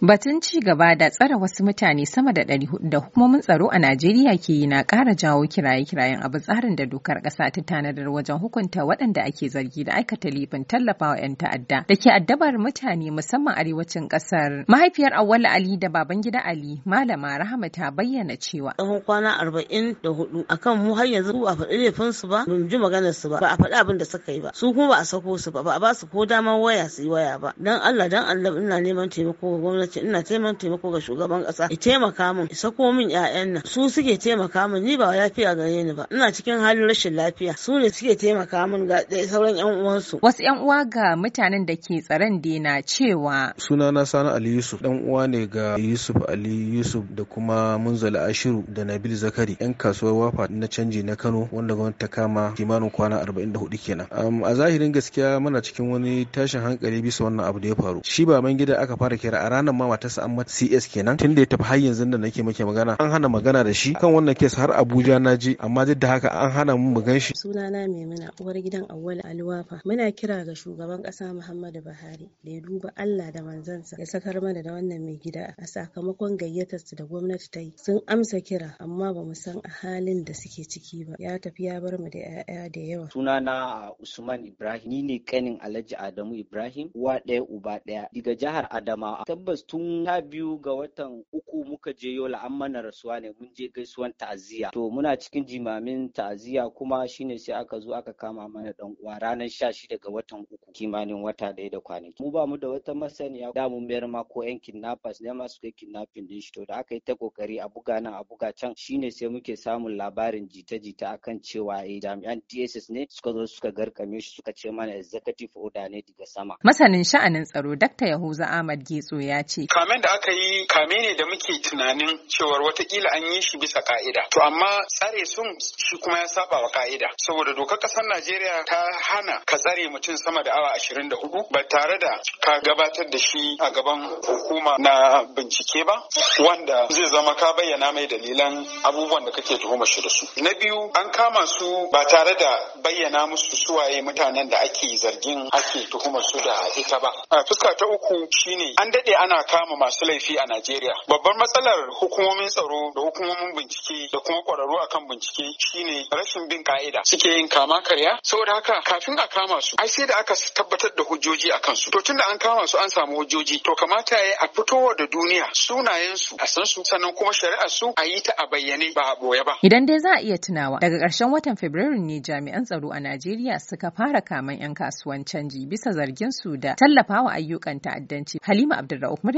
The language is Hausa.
Batun ci gaba da tsare wasu mutane sama da ɗari hudu da hukumomin tsaro a Najeriya ke yi na ƙara jawo kiraye-kirayen abu tsarin da dokar ƙasa ta tanadar wajen hukunta waɗanda ake zargi da aikata laifin tallafawa 'yan ta'adda da ke addabar mutane musamman arewacin ƙasar. Mahaifiyar Auwalu Ali da Babangida Ali, Malama Rahama ta bayyana cewa. Tsawon kwana arba'in da hudu kan mu har yanzu ba a faɗi laifin su ba, mun ji maganar su ba, ba a faɗi abin da suka yi ba, su kuma ba a sako su ba, ba a ba su ko damar waya su yi waya ba. Dan Allah dan Allah ina neman taimako ga gwamnati ce ina taimakon taimako ga shugaban kasa ya taimaka min ya sako min ƴaƴan nan su suke taimaka min ni ba lafiya gare ni ba ina cikin halin rashin lafiya su ne suke taimaka min ga sauran ƴan uwansu wasu ƴan uwa ga mutanen da ke tsaron dena cewa sunana Sani Ali Yusuf dan uwa ne ga Yusuf Ali Yusuf da kuma Munzali Ashiru da Nabil Zakari yan kasuwar wafa na canji na Kano wanda gwamnati ta kama kimanin kwana da hudu kenan a zahirin gaskiya muna cikin wani tashin hankali bisa wannan abu da ya faru shi ba man gida aka fara kira a ranar ma matarsa sa amma CS kenan tun da ya tafi har yanzu da nake muke magana an hana magana da shi kan wannan kes har Abuja na je amma duk da haka an hana mu mu gan shi sunana Maimuna uwar gidan Awwal Alwafa muna kira ga shugaban kasa Muhammadu Buhari da ya duba Allah da manzansa ya sakar mana da wannan mai gida a sakamakon gayyatar su da gwamnati ta yi sun amsa kira amma ba mu san a halin da suke ciki ba ya tafi ya bar mu da 'ya'ya da yawa sunana Usman Ibrahim ni ne kanin Alhaji Adamu Ibrahim uwa ɗaya uba ɗaya daga jihar Adamawa tabbas tun ta biyu ga watan uku muka je yola an mana rasuwa ne mun je gaisuwan ta'aziyya to muna cikin jimamin ta'aziyya kuma shine sai aka zo aka kama mana dan uwa ranar sha shida ga watan uku kimanin wata ɗaya da kwanaki mu ba mu da wata masaniya da mu mayar ma ko yan kidnappers ne ma suka kidnapping din shi to da aka yi ta kokari a buga nan a buga can shine sai muke samun labarin jita-jita akan cewa eh jami'an DSS ne suka zo suka garkame shi suka ce mana executive order ne daga sama masanin sha'anin tsaro Dr. Yahuza Ahmad Getso ya ce ce. Kamen da aka yi kame ne da muke tunanin cewar watakila an yi shi bisa ka'ida. To amma tsare sun shi kuma ya saba wa ka'ida. Saboda dokar kasar Najeriya ta hana ka tsare mutum sama da awa ashirin da hudu ba tare da ka gabatar da shi a gaban hukuma na bincike ba wanda zai zama ka bayyana mai dalilan abubuwan da kake tuhuma shi da su. Na biyu an kama su ba tare da bayyana musu suwaye mutanen da ake zargin ake tuhumar su da ita ba. a Fuska ta uku shine an dade ana kama masu laifi a Najeriya. Babbar matsalar hukumomin tsaro da hukumomin bincike da kuma kwararru a kan bincike shine rashin bin ka'ida. Suke yin kama karya saboda haka kafin a kama su ai sai da aka tabbatar da hujjoji a kansu To tun da an kama su an samu hujjoji to kamata ya a fitowa da duniya sunayen su a san su sannan kuma shari'ar su a yi ta a bayyane ba a boye ba. Idan dai za a iya tunawa daga ƙarshen watan Fabrairu ne jami'an tsaro a Najeriya suka fara kaman 'yan kasuwan canji bisa zargin su da tallafawa ayyukan ta'addanci. Halima Abdulrahman